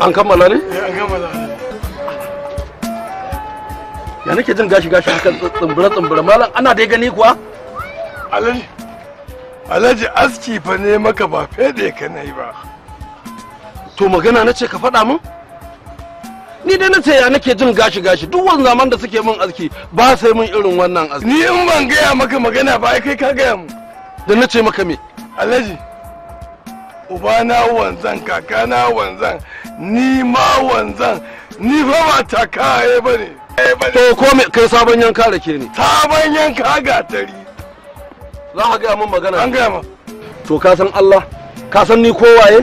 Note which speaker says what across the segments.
Speaker 1: an kammala ne? Eh, an kammala ya nake jin gashi gashi haka tsumbura tsumbura malam ana dai gani kuwa alhaji alhaji aski fa ne maka ba fede ka na yi ba to magana na ce ka faɗa min ni dai na ce ya nake jin gashi gashi duk wani zaman da suke min aski ba sai mun irin wannan aski ni in ban gaya maka magana ba ai kai ka gaya mu da na ce maka me alhaji ubana wanzan kakana wanzan ni ma wanzan ni fa ba ta kaye ba ne to ko kai sabon yanka da ke ne sabon yanka ga tari za ka gaya min magana an gaya ma to ka san Allah ka san ni ko waye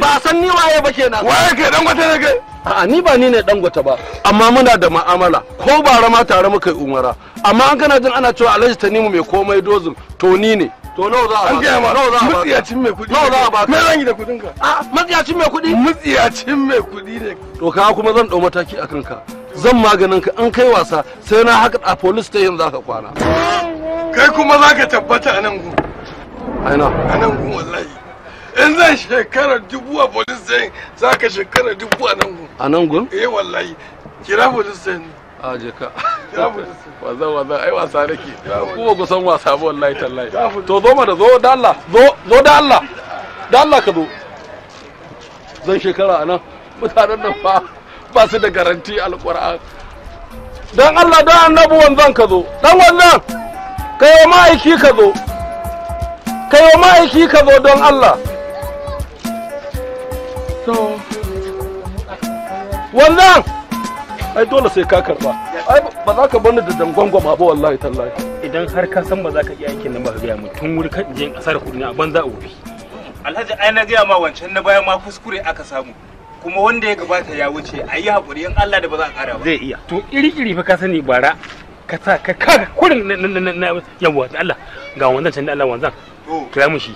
Speaker 1: ba san ni waye ba kenan waye kai dan gwata ne kai a'a ni ba ni ne dan gwata ba amma muna da ma'amala ko bara ma tare muka yi umara amma an kana jin ana cewa alhaji tanimu mai komai dozin to ni ne To nawa za a ba? An nawa za a ba? Mutsiyacin mai kuɗi. Nawa za a ba? Me zan yi da kuɗin ka? A mutsiyacin mai kuɗi? Mutsiyacin mai kuɗi ne. To ka kuma zan ɗau mataki a kanka. Zan maganin ka an kai wasa sai na haka a police station za ka kwana. Kai kuma za ka tabbata a nan gun. Aina. A nan gun wallahi. In zan shekara dubu a police station za ka shekara dubu a nan gun. A nan gun? Eh wallahi. Kira police station. a je ka wazan wazan ai wasa nake kuma ku san wasa ba wallahi tallahi to zo mana zo da Allah zo zo da Allah da Allah ka zo zan shekara anan mutanen nan fa ba su da garanti alquran dan Allah dan annabi wanzan ka zo dan wanzan kai wa ma'aiki ka zo kai wa ma'aiki ka zo don Allah wanzan ai dole sai ka karba ai ba za ka bani da dangwangwama ba wallahi tallahi idan har ka san ba za ka iya aikin nan ba ka gaya mu tun wuri kan je kasar kudi a banza a wuri
Speaker 2: alhaji ai na gaya ma wancan na baya ma kuskure aka samu kuma
Speaker 1: wanda ya gabata ya wuce a yi haƙuri in Allah da ba za a ƙara ba zai iya to iri-iri fa ka sani bara ka sa ka ka kurin na yawa Allah ga wanzan can da Allah wanzan kira mu shi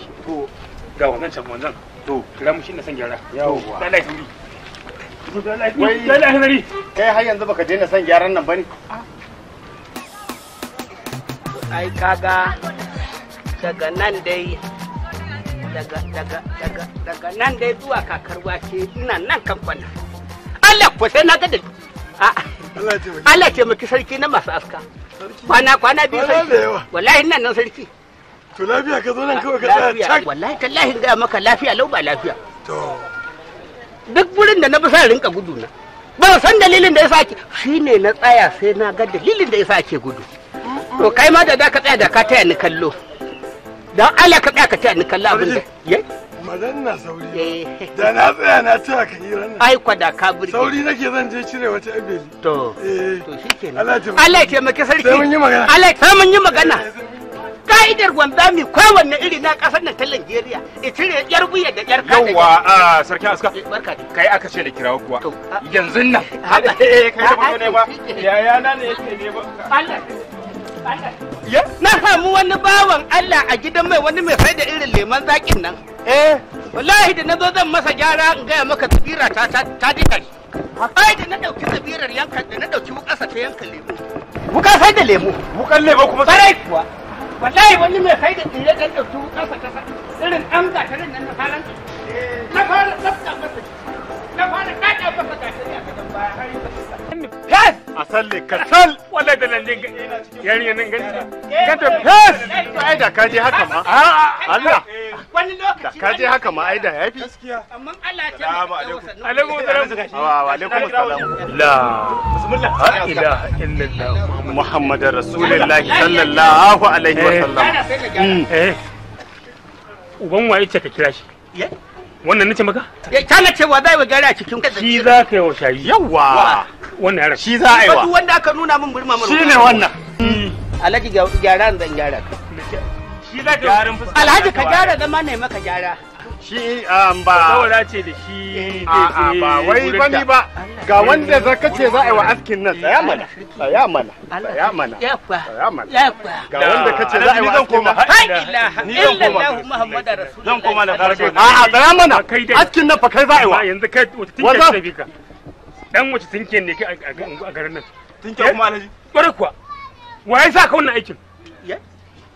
Speaker 1: ga wannan can wanzan to kira mu shi na san gyara yawa da Allah ya
Speaker 2: kai har yanzu baka daina son gyaran nan bane ai kaga daga nan dai daga nan dai zuwa kakar ina nan kamfana Allah ko sai na ga da Allah ce maki sarki na masu aska kwana kwana biyu sarki wallahi nan nan sarki to lafiya ka zo nan kawai ka tsaya wallahi ga maka lafiya lau ba lafiya to duk burin da na bi sa rinka gudu na ba san dalilin da ya sa shine na tsaya sai na ga dalilin da ya sake gudu to kai ma da da ka tsaya da ka taya ni kallo dan Allah ka tsaya ka taya ni kallo abin da
Speaker 1: madan na sauri eh? eh. da na tsaya na taya ka yi nan ai kwa da ka burge sauri nake zan je cire wata abeli to eh. to shikenan Allah ya taimake sarki sai mun yi magana Allah
Speaker 2: sai mun yi magana ka'idar wanzami kowanne iri na kasar nan ta Nigeria ya cire yar buya da yar kada yawa a sarki aska eh, kai aka ce da kirawo kuwa yanzu nan eh kai da ne ba ya ya na ne yake ne ba Allah na samu wani bawan Allah a gidan mai wani mai faida irin leman zakin nan eh wallahi da nazo zan masa gyara in ga maka tsira ta ta dika ai da na dauki tsibirar yankan da na dauki wukasa ta yanka lemu Wukasa da lemu wukan lemu kuma sai kuwa wallahi wani mai faida da tsire dan da su kasa kasa irin an ga tarin nan na fara na fara tsafta masa na fara kada masa ka ta a kan baya har fes a salle wala da nan
Speaker 1: yarinya nan eh, ganta
Speaker 2: ganta fes
Speaker 1: ai da ka haka ma a'a Allah
Speaker 2: wani lokaci ka je haka ma aida
Speaker 1: ya wa alaikum salam
Speaker 2: la bismillah la ilaha
Speaker 1: illallah muhammadar rasulullah sallallahu alaihi wa eh. sallam mm. eh. ka kira shi wannan nace maka ya
Speaker 2: kana cewa zai wa a cikin kai shi za ka yi wa shayi yawa wannan yara shi za a yi wa duk wanda aka nuna min burma mun shine wannan alaji gyara zan gyara ka shi za alhaji ka gyara zama ne maka gyara shi um, ba saboda ce da shi eh, ba wai ni ba ga wanda za ka ce za a yi wa askin nan tsaya mana tsaya mana tsaya
Speaker 1: mana tsaya mana ga wanda ka ce za a yi wa askin nan
Speaker 2: ni zan koma zan koma da karfe a a tsaya
Speaker 1: mana askin nan fa kai za a yi wa yanzu kai wata tinke ka dan wace ne a garin nan kuma alhaji eh? kwarai kuwa waye sa ka wannan aikin